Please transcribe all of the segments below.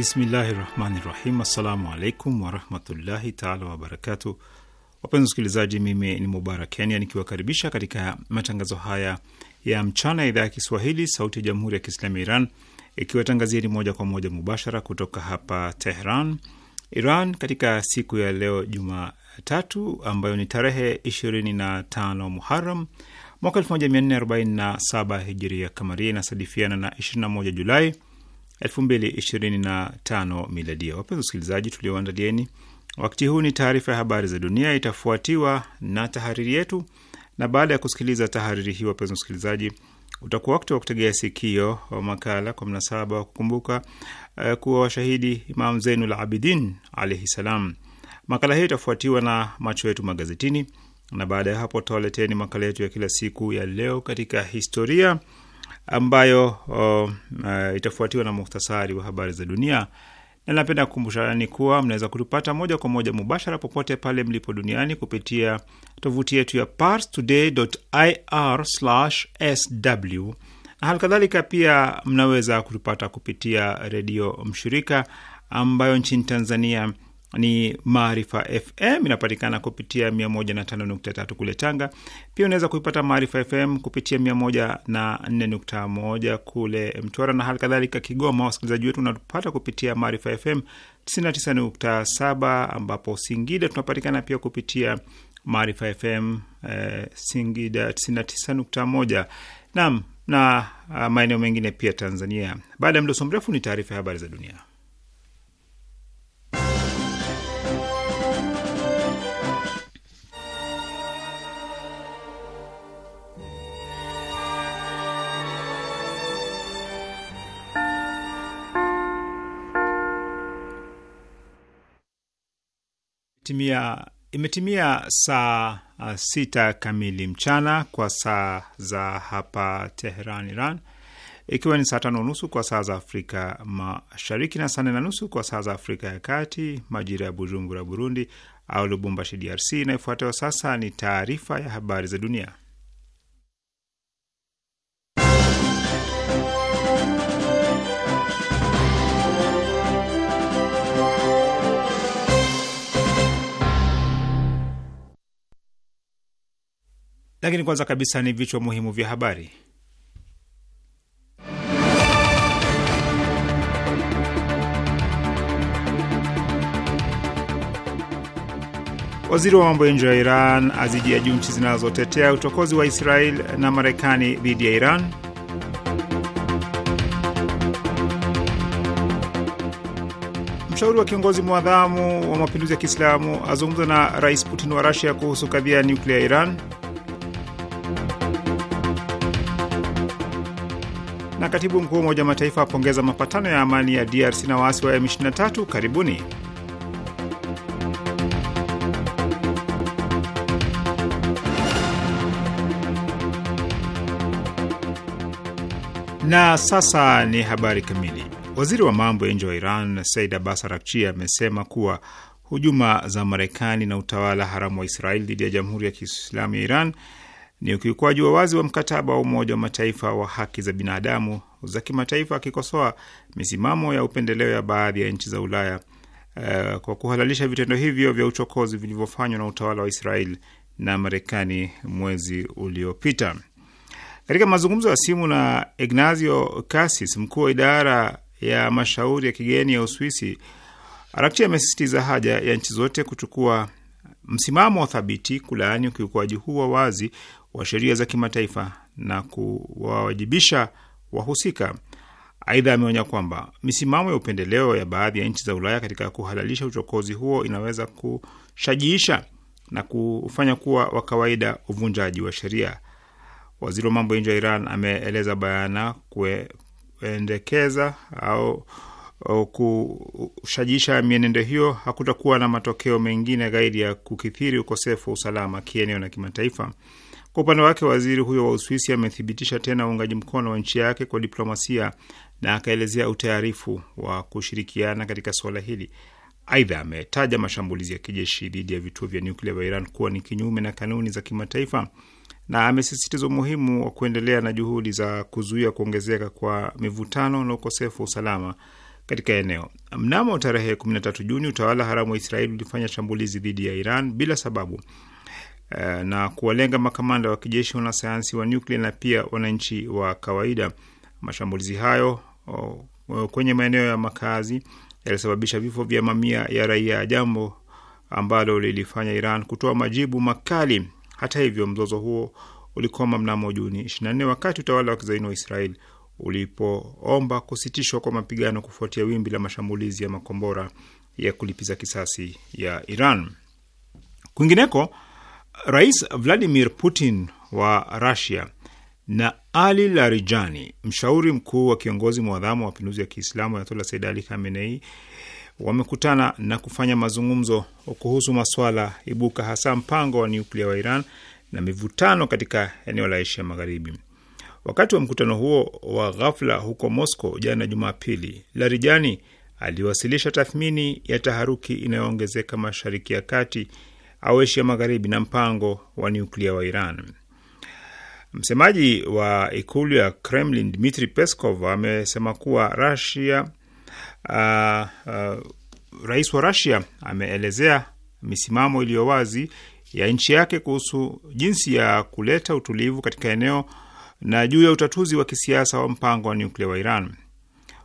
Bismillahi rahmani rahim. Assalamu alaikum warahmatullahi taala wabarakatu. Wapenzi wasikilizaji, mimi ni Mubarak Kenya nikiwakaribisha katika matangazo haya ya mchana ya idhaa ya Kiswahili sauti ya jamhuri ya Kiislamu ya Iran ni moja kwa moja mubashara kutoka hapa Tehran, Iran, katika siku ya leo Jumatatu ambayo ni tarehe 25 Muharam mwaka 1447 Hijiria Kamaria, inasadifiana na 21 Julai 2025 miladia. Wapenzi wasikilizaji, tulioandalieni wakati huu ni taarifa ya habari za dunia, itafuatiwa na tahariri yetu, na baada ya kusikiliza tahariri hii, wapenzi wasikilizaji, utakuwa wakati wa kutegea sikio wa makala kwa mnasaba wa kukumbuka uh, kuwa washahidi Imam Zainul Abidin alaihi salam. Makala hiyo itafuatiwa na macho yetu magazetini, na baada ya hapo tutawaleteni makala yetu ya kila siku ya leo katika historia ambayo uh, uh, itafuatiwa na muhtasari wa habari za dunia, na napenda kukumbushani kuwa mnaweza kutupata moja kwa moja mubashara popote pale mlipo duniani kupitia tovuti yetu ya parstoday.ir/sw na halikadhalika pia mnaweza kutupata kupitia redio mshirika ambayo nchini Tanzania ni Maarifa FM, inapatikana kupitia 105.3 kule Tanga. Pia unaweza kuipata Maarifa FM kupitia 104.1 kule Mtwara na hali kadhalika Kigoma. Wasikilizaji wetu unatupata kupitia Maarifa FM 99.7, ambapo Singida tunapatikana pia kupitia Maarifa FM eh, Singida 99.1. Naam, na ah, maeneo mengine pia Tanzania. Baada ya mdoso mrefu ni taarifa ya habari za dunia. imetimia, imetimia saa uh, sita kamili mchana kwa saa za hapa Teheran, Iran, ikiwa ni saa tano nusu kwa saa za Afrika Mashariki na saa nne na nusu kwa saa za Afrika ya Kati, majira ya Bujumbura, Burundi, au Lubumbashi, DRC. Inayofuatiwa sasa ni taarifa ya habari za dunia. Lakini kwanza kabisa ni vichwa muhimu vya habari. Waziri wa mambo ya nje wa Iran juu nchi zinazotetea uchokozi wa Israel na Marekani dhidi ya Iran. Mshauri wa kiongozi mwadhamu wa mapinduzi ya Kiislamu azungumza na Rais Putin wa Rusia kuhusu kadhia ya nyuklia ya Iran. na katibu mkuu wa Umoja Mataifa apongeza mapatano ya amani ya DRC na waasi wa M23. Karibuni. Na sasa ni habari kamili. Waziri wa mambo ya nje wa Iran Said Abbas Arakchi amesema kuwa hujuma za Marekani na utawala haramu wa Israeli dhidi ya Jamhuri ya Kiislamu ya Iran ni ukiukwaji wa wazi wa mkataba wa Umoja wa Mataifa wa haki za binadamu za kimataifa, akikosoa misimamo ya upendeleo ya baadhi ya nchi za Ulaya uh, kwa kuhalalisha vitendo hivyo vya uchokozi vilivyofanywa na utawala wa Israel na Marekani mwezi uliopita. Katika mazungumzo ya simu na Ignazio Cassis, mkuu wa idara ya mashauri ya kigeni ya Uswisi, Arakchi amesisitiza haja ya nchi zote kuchukua msimamo wa thabiti kulaani ukiukwaji huu wa wazi wa sheria za kimataifa na kuwawajibisha wahusika. Aidha, ameonya kwamba misimamo ya upendeleo ya baadhi ya nchi za Ulaya katika kuhalalisha uchokozi huo inaweza kushajiisha na kufanya kuwa wa kawaida uvunjaji wa sheria. Waziri wa mambo ya nje wa Iran ameeleza bayana kuendekeza au, kushajiisha kushajisha mienendo hiyo hakutakuwa na matokeo mengine zaidi ya kukithiri ukosefu wa usalama kieneo na kimataifa. Kwa upande wake, waziri huyo wa Uswisi amethibitisha tena uungaji mkono wa nchi yake kwa diplomasia na akaelezea utayarifu wa kushirikiana katika suala hili. Aidha, ametaja mashambulizi ya kijeshi dhidi ya vituo vya nyuklia vya Iran kuwa ni kinyume na kanuni za kimataifa na amesisitiza umuhimu wa kuendelea na juhudi za kuzuia kuongezeka kwa mivutano na ukosefu wa usalama katika eneo. Mnamo tarehe 13 Juni, utawala haramu wa Israeli ulifanya shambulizi dhidi ya Iran bila sababu Eh, na kuwalenga makamanda wa kijeshi, wanasayansi wa nyuklia na pia wananchi wa kawaida. Mashambulizi hayo kwenye maeneo ya makazi yalisababisha vifo vya mamia ya raia, jambo ambalo lilifanya Iran kutoa majibu makali. Hata hivyo, mzozo huo ulikoma mnamo Juni 24 wakati utawala wa kizaini wa Israel ulipoomba kusitishwa kwa mapigano kufuatia wimbi la mashambulizi ya makombora ya kulipiza kisasi ya Iran. Kwingineko, Rais Vladimir Putin wa Russia na Ali Larijani, mshauri mkuu wa kiongozi mwadhamu wa mapinduzi ya Kiislamu Ayatollah Said Ali Khamenei, wamekutana na kufanya mazungumzo kuhusu maswala ibuka, hasa mpango wa nyuklia wa Iran na mivutano katika eneo la Asia Magharibi. Wakati wa mkutano huo wa ghafla huko Moscow jana Jumapili, Larijani aliwasilisha tathmini ya taharuki inayoongezeka Mashariki ya Kati au Asia Magharibi na mpango wa nyuklia wa Iran. Msemaji wa ikulu ya Kremlin Dmitri Peskov amesema kuwa Russia, uh, uh, rais wa Russia ameelezea misimamo iliyo wazi ya nchi yake kuhusu jinsi ya kuleta utulivu katika eneo na juu ya utatuzi wa kisiasa wa mpango wa nyuklia wa Iran.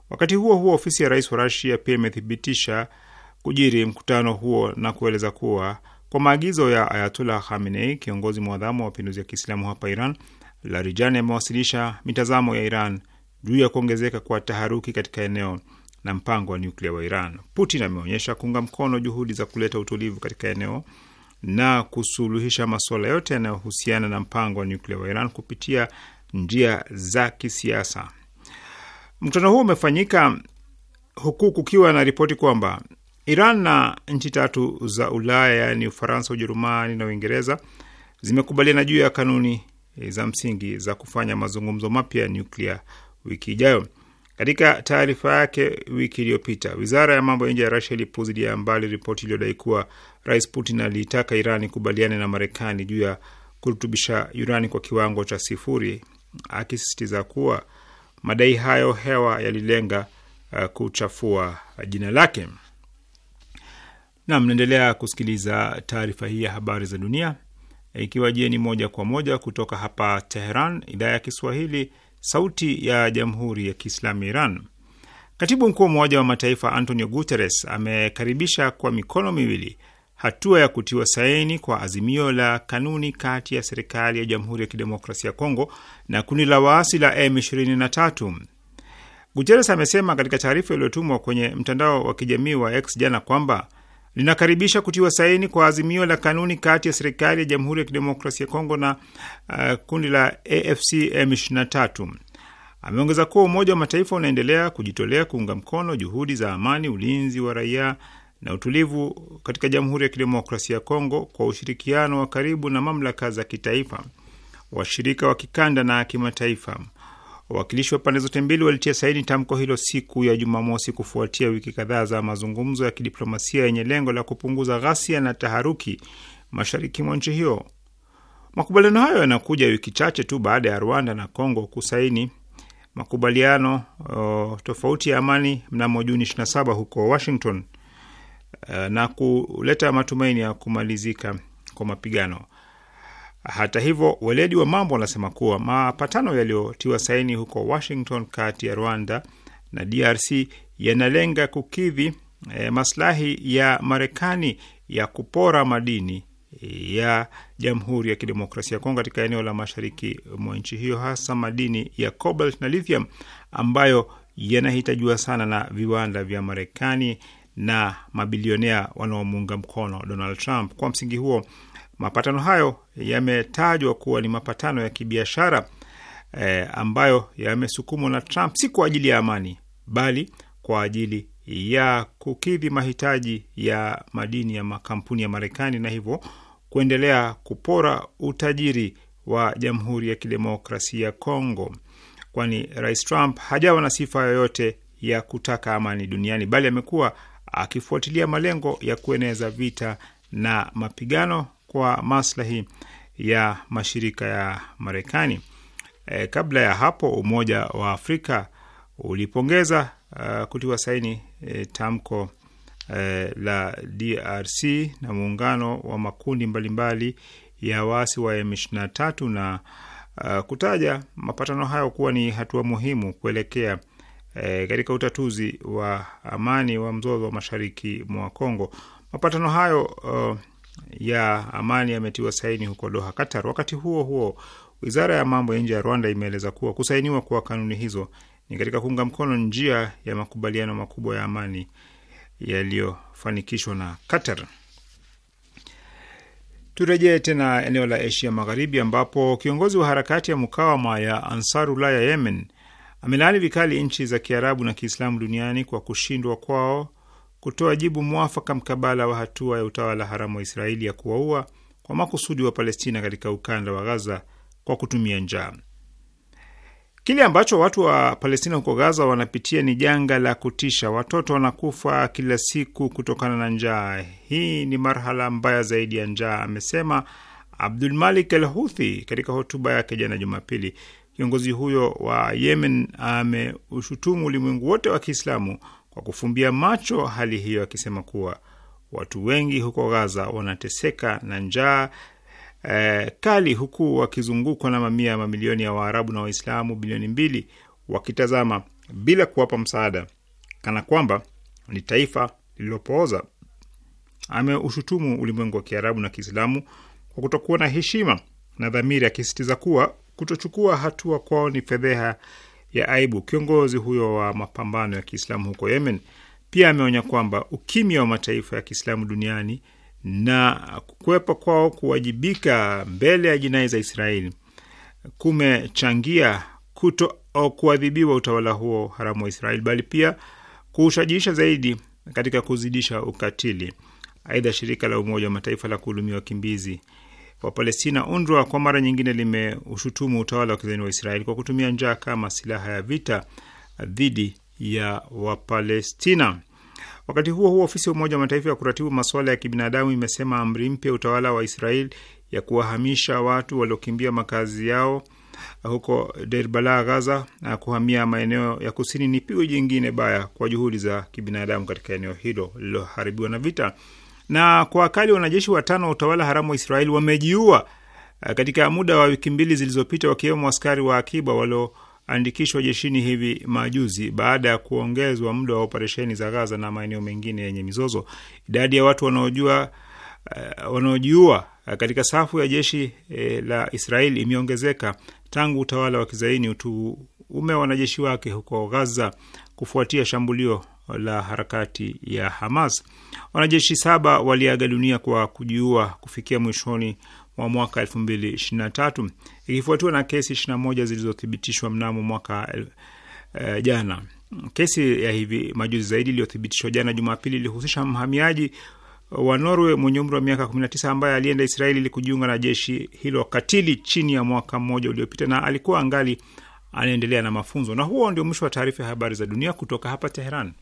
Wakati huo huo, ofisi ya rais wa Russia pia imethibitisha kujiri mkutano huo na kueleza kuwa kwa maagizo ya Ayatullah Khamenei, kiongozi mwadhamu wa mapinduzi ya Kiislamu hapa Iran, Larijani amewasilisha mitazamo ya Iran juu ya kuongezeka kwa taharuki katika eneo na mpango wa nyuklia wa Iran. Putin ameonyesha kuunga mkono juhudi za kuleta utulivu katika eneo na kusuluhisha masuala yote yanayohusiana na mpango wa nyuklia wa Iran kupitia njia za kisiasa. Mkutano huo umefanyika huku kukiwa na ripoti kwamba Iran na nchi tatu za Ulaya yaani Ufaransa, Ujerumani na Uingereza zimekubaliana juu ya kanuni eh, za msingi za kufanya mazungumzo mapya ya nyuklia wiki ijayo. Katika taarifa yake wiki iliyopita, wizara ya mambo ya nje ya Rasia ilipuuzilia mbali ripoti iliyodai kuwa Rais Putin aliitaka Iran ikubaliane na Marekani juu ya kurutubisha urani kwa kiwango cha sifuri, akisisitiza kuwa madai hayo hewa yalilenga eh, kuchafua jina lake na mnaendelea kusikiliza taarifa hii ya habari za dunia ikiwa jieni moja kwa moja kutoka hapa Teheran, idhaa ya Kiswahili, sauti ya jamhuri ya kiislamu ya Iran. Katibu mkuu wa Umoja wa Mataifa Antonio Guterres amekaribisha kwa mikono miwili hatua ya kutiwa saini kwa azimio la kanuni kati ya serikali ya jamhuri ya kidemokrasia ya Kongo na kundi la waasi la M23. Guterres amesema katika taarifa iliyotumwa kwenye mtandao wa kijamii wa X jana kwamba linakaribisha kutiwa saini kwa azimio la kanuni kati ya serikali ya Jamhuri ya Kidemokrasia ya Kongo na uh, kundi la AFC M23. Ameongeza kuwa Umoja wa Mataifa unaendelea kujitolea kuunga mkono juhudi za amani, ulinzi wa raia na utulivu katika Jamhuri ya Kidemokrasia ya Kongo kwa ushirikiano wa karibu na mamlaka za kitaifa, washirika wa kikanda na kimataifa. Wawakilishi wa pande zote mbili walitia saini tamko hilo siku ya Jumamosi kufuatia wiki kadhaa za mazungumzo ya kidiplomasia yenye lengo la kupunguza ghasia na taharuki mashariki mwa nchi hiyo. Makubaliano hayo yanakuja wiki chache tu baada ya Rwanda na Kongo kusaini makubaliano uh, tofauti ya amani mnamo Juni 27 huko Washington uh, na kuleta matumaini ya kumalizika kwa mapigano. Hata hivyo, weledi wa mambo wanasema kuwa mapatano yaliyotiwa saini huko Washington kati ya Rwanda na DRC yanalenga kukidhi e, maslahi ya Marekani ya kupora madini eh, ya Jamhuri ya Kidemokrasia ya Kongo katika eneo la mashariki mwa nchi hiyo, hasa madini ya cobalt na lithium ambayo yanahitajiwa sana na viwanda vya Marekani na mabilionea wanaomuunga mkono Donald Trump. Kwa msingi huo Mapatano hayo yametajwa kuwa ni mapatano ya kibiashara eh, ambayo yamesukumwa na Trump si kwa ajili ya amani, bali kwa ajili ya kukidhi mahitaji ya madini ya makampuni ya Marekani na hivyo kuendelea kupora utajiri wa Jamhuri ya Kidemokrasia ya Kongo, kwani Rais Trump hajawa na sifa yoyote ya kutaka amani duniani, bali amekuwa akifuatilia malengo ya kueneza vita na mapigano kwa maslahi ya mashirika ya Marekani. E, kabla ya hapo Umoja wa Afrika ulipongeza uh, kutiwa saini e, tamko e, la DRC na muungano wa makundi mbalimbali ya waasi wa M23 na uh, kutaja mapatano hayo kuwa ni hatua muhimu kuelekea e, katika utatuzi wa amani wa mzozo wa mashariki mwa Kongo. Mapatano hayo uh, ya amani yametiwa saini huko Doha, Qatar. Wakati huo huo, wizara ya mambo ya nje ya Rwanda imeeleza kuwa kusainiwa kwa kanuni hizo ni katika kuunga mkono njia ya makubaliano makubwa ya amani yaliyofanikishwa na Qatar. Turejee tena eneo la Asia Magharibi, ambapo kiongozi wa harakati ya mukawama ya Ansarullah ya Yemen amelaani vikali nchi za Kiarabu na Kiislamu duniani kwa kushindwa kwao kutoa jibu mwafaka mkabala wa hatua ya utawala haramu wa Israeli ya kuwaua kwa makusudi wa Palestina katika ukanda wa Gaza kwa kutumia njaa. Kile ambacho watu wa Palestina huko Gaza wanapitia ni janga la kutisha. Watoto wanakufa kila siku kutokana na njaa. Hii ni marhala mbaya zaidi ya njaa, amesema Abdul Malik Al Huthi katika hotuba yake jana Jumapili. Kiongozi huyo wa Yemen ameushutumu ulimwengu wote wa Kiislamu kwa kufumbia macho hali hiyo, akisema kuwa watu wengi huko Gaza wanateseka na njaa eh, kali huku wakizungukwa na mamia ya mamilioni ya Waarabu na Waislamu bilioni mbili wakitazama bila kuwapa msaada, kana kwamba ni taifa lililopooza. Ameushutumu ulimwengu wa Kiarabu na Kiislamu kwa kutokuwa na heshima na dhamiri, akisisitiza kuwa kutochukua hatua kwao ni fedheha ya aibu. Kiongozi huyo wa mapambano ya Kiislamu huko Yemen pia ameonya kwamba ukimya wa mataifa ya Kiislamu duniani na kukwepa kwao kuwajibika mbele ya jinai za Israeli kumechangia kuto kuadhibiwa utawala huo haramu wa Israeli, bali pia kuushajiisha zaidi katika kuzidisha ukatili. Aidha, shirika la Umoja wa Mataifa la kuhudumia wakimbizi Wapalestina. UNRWA kwa mara nyingine limeushutumu utawala wa kizayuni wa Israeli kwa kutumia njaa kama silaha ya vita dhidi ya Wapalestina. Wakati huo huo, ofisi ya Umoja wa Mataifa ya kuratibu masuala ya kibinadamu imesema amri mpya utawala wa Israeli ya kuwahamisha watu waliokimbia makazi yao huko Derbala, Gaza, na kuhamia maeneo ya kusini ni pigo jingine baya kwa juhudi za kibinadamu katika eneo hilo lililoharibiwa na vita na kwa akali wanajeshi watano wa utawala haramu wa Israeli wamejiua eh, katika muda wa wiki mbili zilizopita, wakiwemo askari wa akiba walioandikishwa jeshini hivi majuzi, baada ya kuongezwa muda wa operesheni za Gaza na maeneo mengine yenye mizozo. Idadi ya watu wanaojua eh, wanaojiua eh, katika safu ya jeshi la Israeli imeongezeka tangu utawala wa kizaini utuume wanajeshi wake huko Gaza kufuatia shambulio la harakati ya Hamas. Wanajeshi saba waliaga dunia kwa kujiua kufikia mwishoni mwa mwaka 2023 ikifuatiwa na kesi 21 zilizothibitishwa mnamo mwaka e, jana. Kesi ya hivi majuzi zaidi iliyothibitishwa jana Jumapili ilihusisha mhamiaji wa Norway mwenye umri wa miaka 19 ambaye alienda Israeli ili kujiunga na jeshi hilo katili chini ya mwaka mmoja uliopita na alikuwa angali anaendelea na mafunzo. Na huo ndio mwisho wa taarifa ya habari za dunia kutoka hapa Teheran.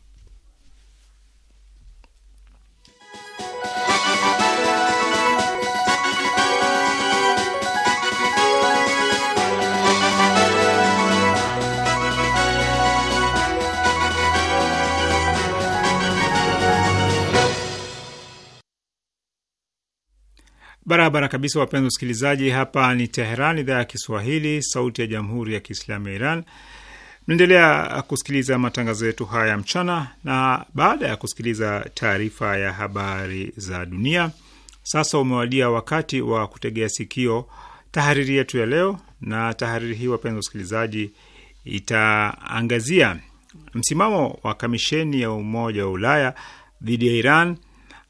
Barabara kabisa, wapenzi wasikilizaji, hapa ni Teheran, idhaa ya Kiswahili, sauti ya jamhuri ya kiislamu ya Iran. Mnaendelea kusikiliza matangazo yetu haya mchana, na baada ya kusikiliza taarifa ya habari za dunia, sasa umewadia wakati wa kutegea sikio tahariri yetu ya leo. Na tahariri hii, wapenzi wasikilizaji, itaangazia msimamo wa kamisheni ya Umoja wa Ulaya dhidi ya Iran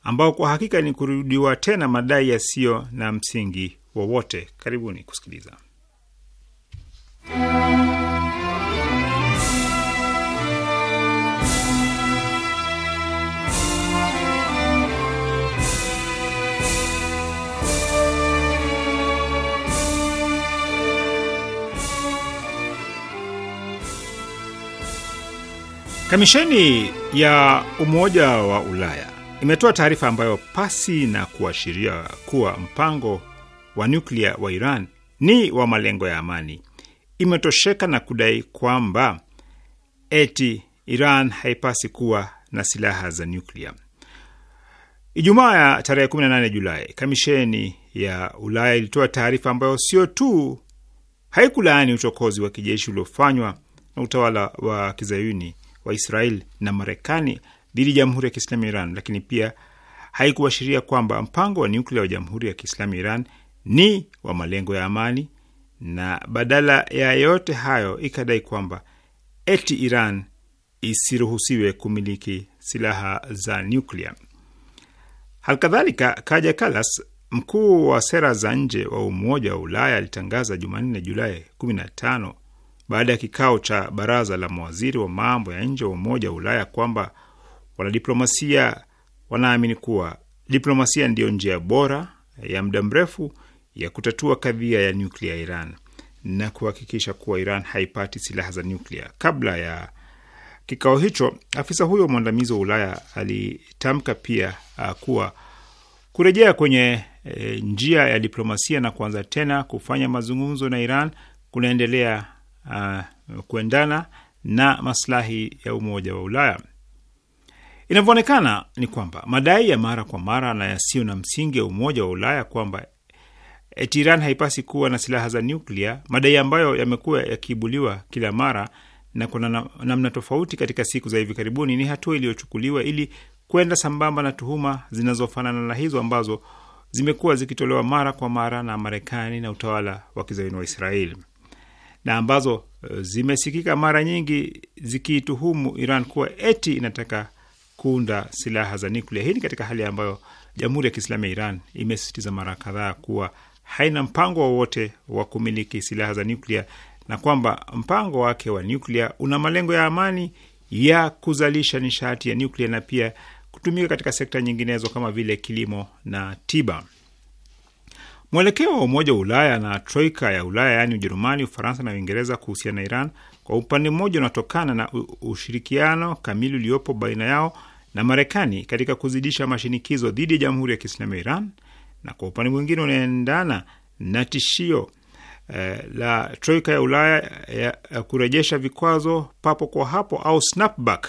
ambao kwa hakika ni kurudiwa tena madai yasiyo na msingi wowote. Karibuni kusikiliza. Kamisheni ya Umoja wa Ulaya imetoa taarifa ambayo pasi na kuashiria kuwa mpango wa nyuklia wa Iran ni wa malengo ya amani, imetosheka na kudai kwamba eti Iran haipasi kuwa na silaha za nyuklia. Ijumaa ya tarehe 18 Julai, kamisheni ya Ulaya ilitoa taarifa ambayo sio tu haikulaani uchokozi wa kijeshi uliofanywa na utawala wa kizayuni wa Israel na Marekani dhidi ya Jamhuri ya Kiislamu ya Iran, lakini pia haikuashiria kwamba mpango wa nyuklia wa Jamhuri ya Kiislamu ya Iran ni wa malengo ya amani, na badala ya yote hayo ikadai kwamba eti Iran isiruhusiwe kumiliki silaha za nyuklia. Halikadhalika, Kaja Kalas, mkuu wa sera za nje wa Umoja wa Ulaya, alitangaza Jumanne Julai 15 baada ya kikao cha baraza la mawaziri wa mambo ya nje wa Umoja wa Ulaya kwamba Wanadiplomasia wanaamini kuwa diplomasia ndiyo njia bora ya muda mrefu ya kutatua kadhia ya nyuklia ya Iran na kuhakikisha kuwa Iran haipati silaha za nyuklia. Kabla ya kikao hicho, afisa huyo mwandamizi wa Ulaya alitamka pia uh, kuwa kurejea kwenye e, njia ya diplomasia na kuanza tena kufanya mazungumzo na Iran kunaendelea uh, kuendana na maslahi ya Umoja wa Ulaya. Inavyoonekana ni kwamba madai ya mara kwa mara na yasiyo na msingi ya Umoja wa Ulaya kwamba eti eh, Iran haipasi kuwa na silaha za nyuklia, madai ambayo yamekuwa yakiibuliwa kila mara na kuna namna tofauti katika siku za hivi karibuni, ni hatua iliyochukuliwa ili kwenda sambamba na tuhuma zinazofanana na hizo ambazo zimekuwa zikitolewa mara kwa mara na Marekani na utawala wa kizayuni wa Israeli na ambazo eh, zimesikika mara nyingi zikiituhumu Iran kuwa eti inataka kuunda silaha za nuklia. Hii ni katika hali ambayo Jamhuri ya Kiislamu ya Iran imesisitiza mara kadhaa kuwa haina mpango wowote wa, wa kumiliki silaha za nuklia na kwamba mpango wake wa nuklia una malengo ya amani ya kuzalisha nishati ya nuklia na pia kutumika katika sekta nyinginezo kama vile kilimo na tiba. Mwelekeo wa Umoja wa Ulaya na troika ya Ulaya yaani Ujerumani, Ufaransa na Uingereza kuhusiana na Iran kwa upande mmoja unatokana na ushirikiano kamili uliopo baina yao na Marekani katika kuzidisha mashinikizo dhidi ya Jamhuri ya Kiislamu ya Iran, na kwa upande mwingine unaendana na tishio eh, la troika ya Ulaya ya, ya kurejesha vikwazo papo kwa hapo au snapback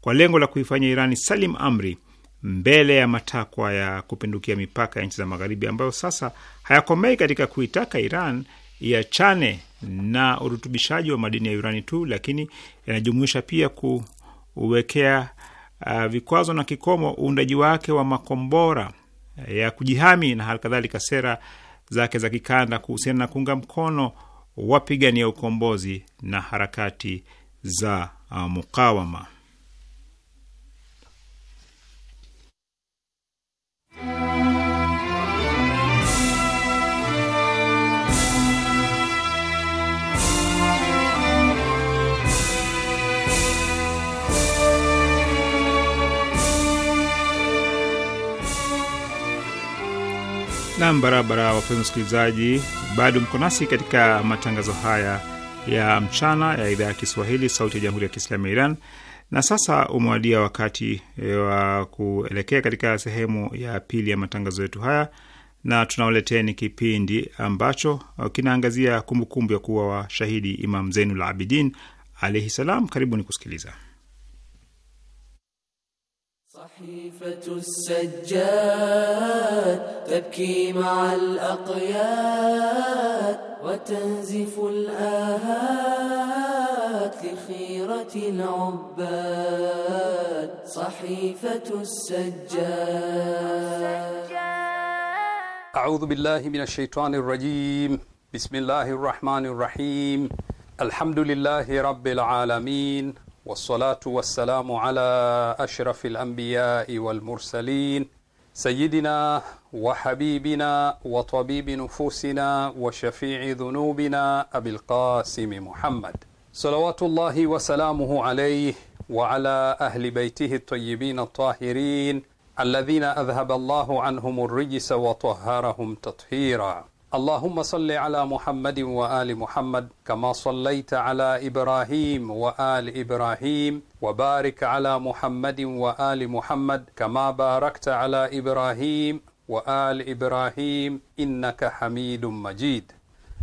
kwa lengo la kuifanya Irani salim amri mbele ya matakwa ya kupindukia mipaka ya nchi za Magharibi ambayo sasa hayakomei katika kuitaka Iran iachane na urutubishaji wa madini ya urani tu, lakini yanajumuisha pia kuwekea uh, vikwazo na kikomo uundaji wake wa makombora eh, ya kujihami na halikadhalika sera zake za kikanda kuhusiana na kuunga mkono wapigania ukombozi na harakati za uh, mukawama. Nam barabara, wapenzi msikilizaji, bado mko nasi katika matangazo haya ya mchana ya idhaa ya Kiswahili sauti ya jamhuri ya kiislamu ya Iran. Na sasa umewadia wakati e, wa kuelekea katika sehemu ya pili ya matangazo yetu haya, na tunawaleteni kipindi ambacho kinaangazia kumbukumbu ya kuwa washahidi Imam Zeinul Abidin alaihi salam. Karibuni kusikiliza. صحيفة السجاد تبكي مع الأقياد وتنزف الآهات لخيرة العباد صحيفة السجاد أعوذ بالله من الشيطان الرجيم بسم الله الرحمن الرحيم الحمد لله رب العالمين والصلاة والسلام على أشرف الأنبياء والمرسلين سيدنا وحبيبنا وطبيب نفوسنا وشفيع ذنوبنا أبي القاسم محمد صلوات الله وسلامه عليه وعلى أهل بيته الطيبين الطاهرين الذين أذهب الله عنهم الرجس وطهرهم تطهيرا Allahumma salli ala Muhammadin wa ali Muhammad kama sallaita ala Ibrahim wa ali Ibrahim wa barik ala Muhammadin wa ali Muhammad kama barakta ala Ibrahim wa ali Ibrahim innaka Hamidum Majid.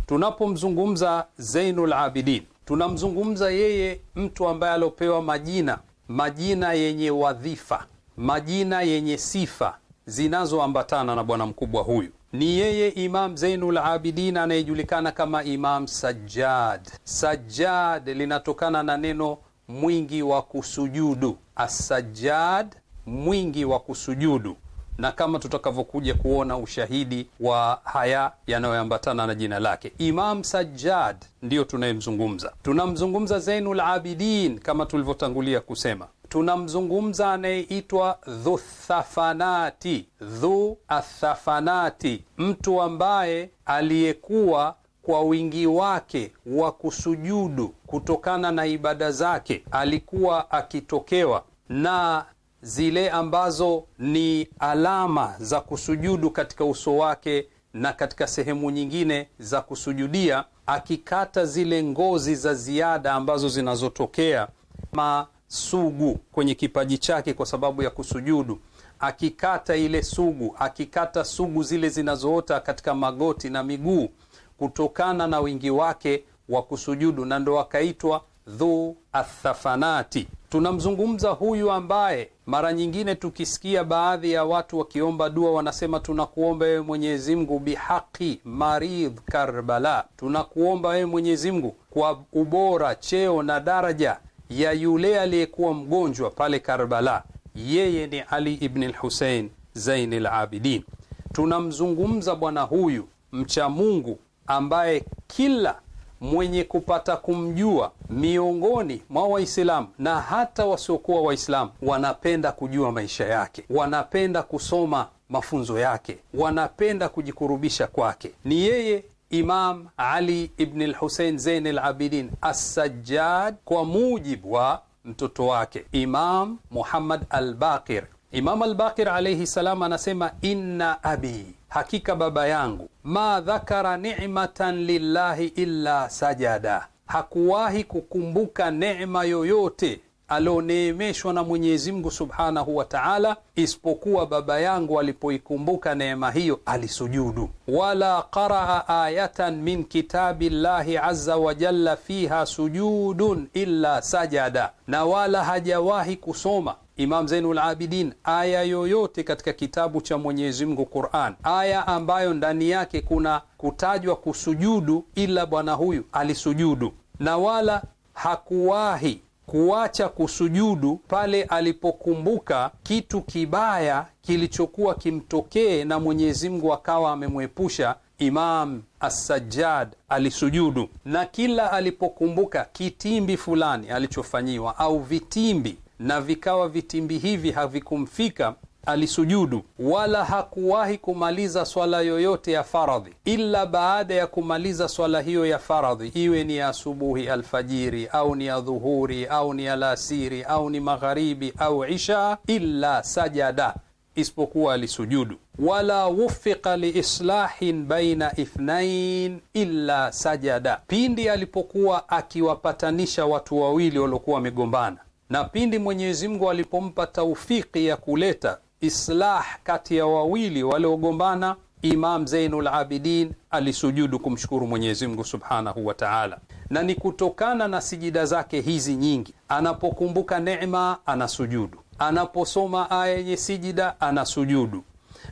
Tunapomzungumza Zainul Abidin, tunamzungumza yeye mtu ambaye aliopewa majina, majina yenye wadhifa, majina yenye sifa zinazoambatana na bwana mkubwa huyu ni yeye Imam Zainul Abidin anayejulikana kama Imam Sajjad. Sajjad linatokana na neno mwingi wa kusujudu, asajjad, mwingi wa kusujudu, na kama tutakavyokuja kuona ushahidi wa haya yanayoambatana na jina lake Imam Sajjad, ndiyo tunayemzungumza. Tunamzungumza Zainul Abidin kama tulivyotangulia kusema tunamzungumza anayeitwa dhuthafanati, dhu athafanati, mtu ambaye aliyekuwa kwa wingi wake wa kusujudu kutokana na ibada zake alikuwa akitokewa na zile ambazo ni alama za kusujudu katika uso wake na katika sehemu nyingine za kusujudia, akikata zile ngozi za ziada ambazo zinazotokea ma sugu kwenye kipaji chake kwa sababu ya kusujudu, akikata ile sugu, akikata sugu zile zinazoota katika magoti na miguu kutokana na wingi wake wa kusujudu, na ndo akaitwa dhu athafanati. Tunamzungumza huyu ambaye mara nyingine tukisikia baadhi ya watu wakiomba dua wanasema, tunakuomba wewe Mwenyezi Mungu bihaqi maridh Karbala, tunakuomba wewe Mwenyezi Mungu kwa ubora, cheo na daraja ya yule aliyekuwa mgonjwa pale Karbala, yeye ni Ali ibn Lhusein Zain labidin Tunamzungumza bwana huyu mcha Mungu ambaye kila mwenye kupata kumjua miongoni mwa Waislamu na hata wasiokuwa Waislamu wanapenda kujua maisha yake, wanapenda kusoma mafunzo yake, wanapenda kujikurubisha kwake. Ni yeye Imam Ali ibn al zein Zain al kwa mujibu wa mtoto wake Imam Muhammad al Imam al-Baqir salam anasema inna abi, hakika baba yangu, ma dhakara ni'matan lillahi illa sajada, hakuwahi kukumbuka neema yoyote alioneemeshwa na Mwenyezi Mungu subhanahu wa taala, isipokuwa baba yangu alipoikumbuka neema hiyo alisujudu. Wala qaraa ayatan min kitabi llahi azza wa jalla fiha sujudun illa sajada, na wala hajawahi kusoma Imam Zainul Abidin aya yoyote katika kitabu cha Mwenyezi Mungu Qur'an, aya ambayo ndani yake kuna kutajwa kusujudu, ila bwana huyu alisujudu, na wala hakuwahi kuacha kusujudu pale alipokumbuka kitu kibaya kilichokuwa kimtokee na Mwenyezi Mungu akawa amemwepusha. Imam Assajjad alisujudu, na kila alipokumbuka kitimbi fulani alichofanyiwa au vitimbi, na vikawa vitimbi hivi havikumfika alisujudu wala hakuwahi kumaliza swala yoyote ya faradhi ila baada ya kumaliza swala hiyo ya faradhi, iwe ni ya asubuhi alfajiri, au ni ya dhuhuri, au ni alasiri, au ni magharibi au isha, ila sajada, isipokuwa alisujudu. Wala wufiqa liislahin baina ithnain ila sajada, pindi alipokuwa akiwapatanisha watu wawili waliokuwa wamegombana na pindi Mwenyezi Mungu alipompa taufiki ya kuleta islah kati ya wawili waliogombana, Imam Zainul Abidin alisujudu kumshukuru Mwenyezi Mungu subhanahu wa taala, na ni kutokana na sijida zake hizi nyingi. Anapokumbuka neema anasujudu, anaposoma aya yenye sijida anasujudu,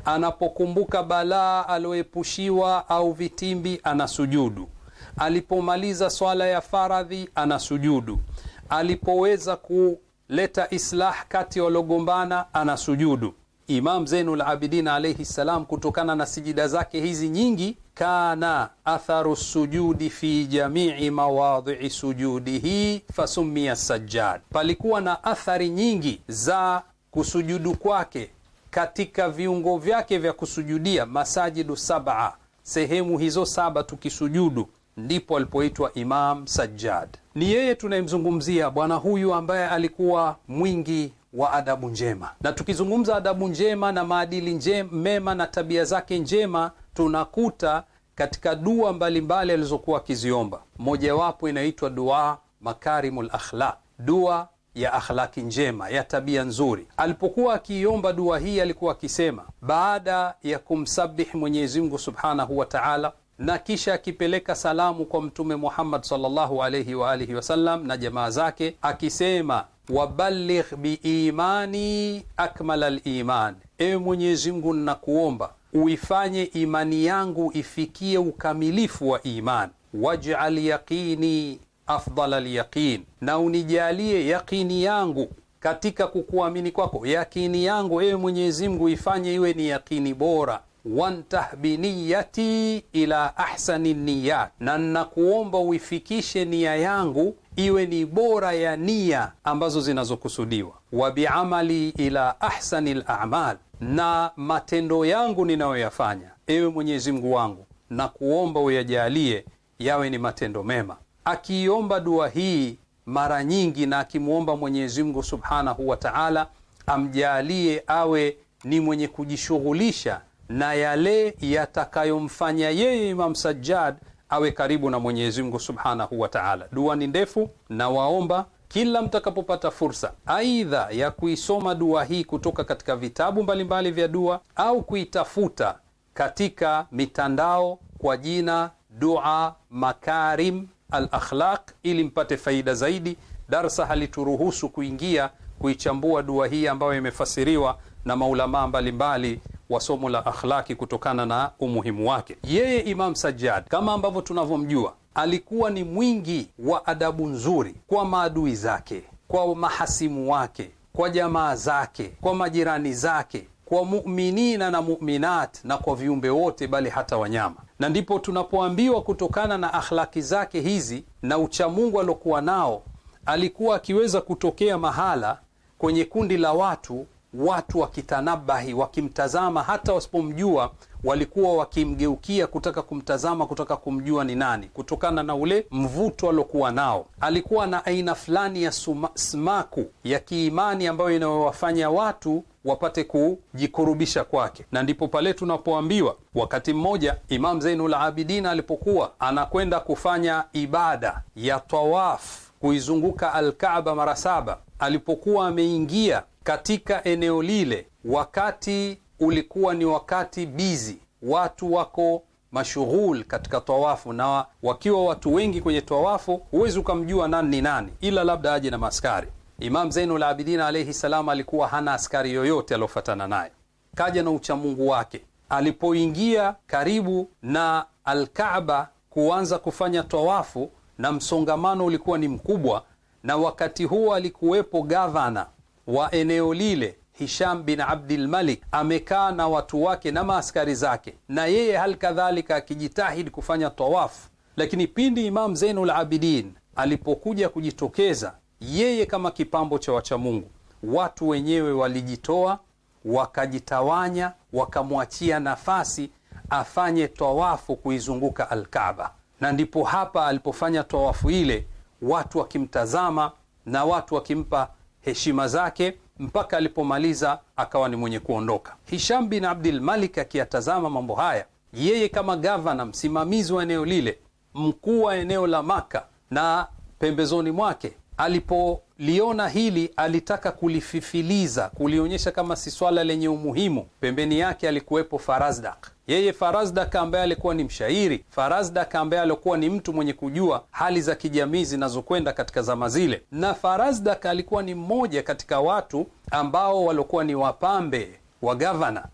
anapokumbuka balaa aliyoepushiwa au vitimbi anasujudu, alipomaliza swala ya faradhi anasujudu, alipoweza ku leta islah kati waliogombana, sujudu Imam Zainul Abidin alaihi salam, kutokana na sijida zake hizi nyingi, kana atharu sujudi fi jamii mawadhii sujudihi fasumia sajjad, palikuwa na athari nyingi za kusujudu kwake katika viungo vyake vya kusujudia, masajidu sab'a, sehemu hizo saba tukisujudu ndipo alipoitwa Imam Sajjad. Ni yeye tunayemzungumzia bwana huyu ambaye alikuwa mwingi wa adabu njema, na tukizungumza adabu njema na maadili njema, mema na tabia zake njema tunakuta katika dua mbalimbali alizokuwa akiziomba, mojawapo inaitwa dua makarimul akhlaq, dua ya akhlaki njema ya tabia nzuri. Alipokuwa akiiomba dua hii, alikuwa akisema baada ya kumsabihi Mwenyezi Mungu subhanahu wa taala na kisha akipeleka salamu kwa Mtume Muhammad sallallahu alayhi wa alihi wasallam na jamaa zake akisema, wabaligh biimani akmal liman, ewe Mwenyezi Mungu nnakuomba uifanye imani yangu ifikie ukamilifu wa iman, waj'al yaqini afdala lyaqin, na unijalie yaqini yangu katika kukuamini kwako, yaqini yangu ewe Mwenyezi Mungu ifanye iwe ni yaqini bora wantahbiniyati ila ahsani niyat, na nnakuomba uifikishe nia yangu iwe ni bora ya nia ambazo zinazokusudiwa. Wa biamali ila ahsani lamal, na matendo yangu ninayoyafanya, ewe Mwenyezi Mungu wangu, na kuomba uyajalie yawe ni matendo mema. Akiiomba dua hii mara nyingi na akimwomba Mwenyezi Mungu subhanahu wa taala amjalie awe ni mwenye kujishughulisha na yale yatakayomfanya yeye Imam Sajjad awe karibu na Mwenyezi Mungu subhanahu wa taala. Dua ni ndefu, na waomba kila mtakapopata fursa, aidha ya kuisoma dua hii kutoka katika vitabu mbalimbali vya dua au kuitafuta katika mitandao kwa jina Dua Makarim al Akhlaq, ili mpate faida zaidi. Darsa halituruhusu kuingia kuichambua dua hii ambayo imefasiriwa na maulamaa mbalimbali wa somo la akhlaki kutokana na umuhimu wake. Yeye Imam Sajjad kama ambavyo tunavyomjua, alikuwa ni mwingi wa adabu nzuri kwa maadui zake, kwa mahasimu wake, kwa jamaa zake, kwa majirani zake, kwa muminina na muminat, na kwa viumbe wote, bali hata wanyama. Na ndipo tunapoambiwa kutokana na akhlaki zake hizi na uchamungu aliokuwa nao, alikuwa akiweza kutokea mahala kwenye kundi la watu watu wakitanabahi, wakimtazama, hata wasipomjua walikuwa wakimgeukia kutaka kumtazama, kutaka kumjua ni nani, kutokana na ule mvuto aliokuwa nao. Alikuwa na aina fulani ya suma, smaku ya kiimani ambayo inayowafanya watu wapate kujikurubisha kwake, na ndipo pale tunapoambiwa wakati mmoja Imam Zainul Abidin alipokuwa anakwenda kufanya ibada ya tawaf kuizunguka alkaba mara saba, alipokuwa ameingia katika eneo lile, wakati ulikuwa ni wakati bizi, watu wako mashughul katika tawafu, na wakiwa watu wengi kwenye tawafu huwezi ukamjua nani ni nani, ila labda aje na maaskari. Imam Zainul Abidin alaihi salam alikuwa hana askari yoyote aliofatana naye, kaja na uchamungu wake. Alipoingia karibu na Alkaaba kuanza kufanya tawafu, na msongamano ulikuwa ni mkubwa, na wakati huo alikuwepo gavana wa eneo lile Hisham bin Abdilmalik amekaa na watu wake na maaskari zake, na yeye hal kadhalika akijitahidi kufanya tawafu. Lakini pindi Imam Zainul Abidin alipokuja kujitokeza yeye kama kipambo cha wachamungu, watu wenyewe walijitoa wakajitawanya, wakamwachia nafasi afanye tawafu kuizunguka Alkaaba, na ndipo hapa alipofanya tawafu ile, watu wakimtazama na watu wakimpa heshima zake mpaka alipomaliza akawa ni mwenye kuondoka. Hisham bin Abdul Malik akiyatazama mambo haya, yeye kama gavana, msimamizi wa eneo lile, mkuu wa eneo la Maka na pembezoni mwake, alipo liona hili alitaka kulififiliza, kulionyesha kama si swala lenye umuhimu. Pembeni yake alikuwepo Farazdak, yeye Farazdak ambaye alikuwa ni mshairi, Farazdak ambaye alikuwa ni mtu mwenye kujua hali za kijamii zinazokwenda katika zama zile, na Farazdak alikuwa ni mmoja katika watu ambao waliokuwa ni wapambe wa gavana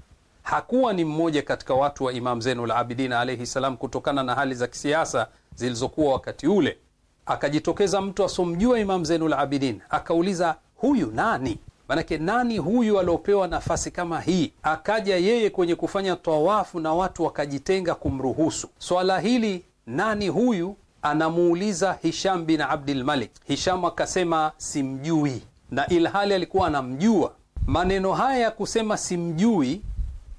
hakuwa ni mmoja katika watu wa Imam Zeinul Abidin alaihi salam, kutokana na hali za kisiasa zilizokuwa wakati ule akajitokeza mtu asomjua Imam Zainul Abidin akauliza huyu nani? Manake nani huyu aliopewa nafasi kama hii? Akaja yeye kwenye kufanya tawafu na watu wakajitenga kumruhusu swala hili. Nani huyu? Anamuuliza Hisham bin Abdil Malik. Hisham akasema simjui, na ilhali alikuwa anamjua. Maneno haya ya kusema simjui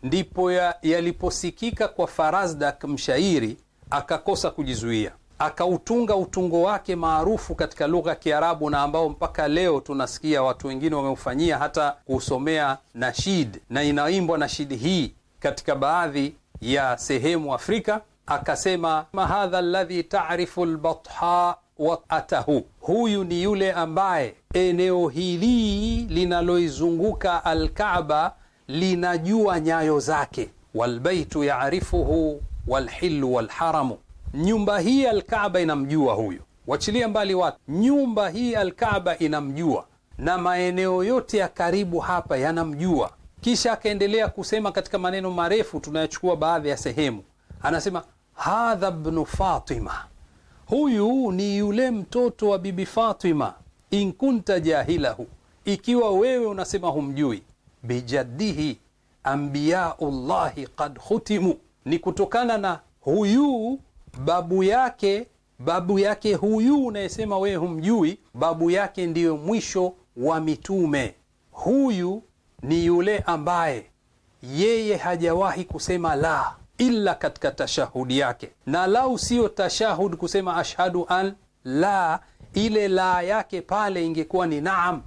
ndipo yaliposikika ya kwa Farazdak, mshairi, akakosa kujizuia akautunga utungo wake maarufu katika lugha ya Kiarabu na ambao mpaka leo tunasikia watu wengine wameufanyia hata kusomea nashid, na inaimbwa nashid hii katika baadhi ya sehemu Afrika. Akasema, mahadha ladhi tarifu lbatha wa atahu, huyu ni yule ambaye eneo hili linaloizunguka alkaba linajua nyayo zake. Walbaitu yarifuhu walhilu walharamu nyumba hii Alkaaba inamjua huyu, wachilia mbali watu, nyumba hii Alkaaba inamjua na maeneo yote ya karibu hapa yanamjua. Kisha akaendelea kusema katika maneno marefu, tunayachukua baadhi ya sehemu. Anasema hadha bnu Fatima, huyu ni yule mtoto wa bibi Fatima. In kunta jahilahu, ikiwa wewe unasema humjui. Bijaddihi ambiyaullahi qad khutimu, ni kutokana na huyu babu yake babu yake huyu unayesema wewe humjui, babu yake ndiyo mwisho wa mitume. Huyu ni yule ambaye yeye hajawahi kusema la illa katika tashahudi yake, na lau siyo tashahud kusema ashhadu an la, ile la yake pale ingekuwa ni naam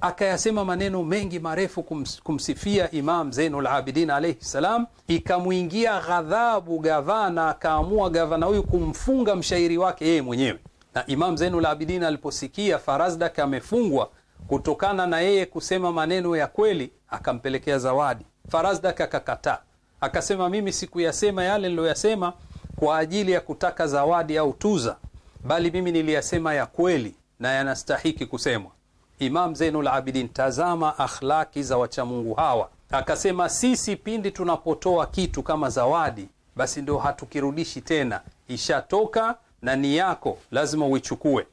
akayasema maneno mengi marefu kums, kumsifia Imam Zainul Abidin alaihi salam, ikamwingia ghadhabu gavana, akaamua gavana huyu kumfunga mshairi wake yeye mwenyewe. Na Imam Zainul Abidin aliposikia Farazdak amefungwa kutokana na yeye kusema maneno ya kweli, akampelekea zawadi. Farazdak akakataa, akasema mimi sikuyasema yale niliyoyasema kwa ajili ya kutaka zawadi au tuza, bali mimi niliyasema ya kweli na yanastahiki kusemwa. Imam Zainul Abidin, tazama akhlaki za wachamungu hawa. Akasema sisi pindi tunapotoa kitu kama zawadi, basi ndio hatukirudishi tena, ishatoka na ni yako, lazima uichukue.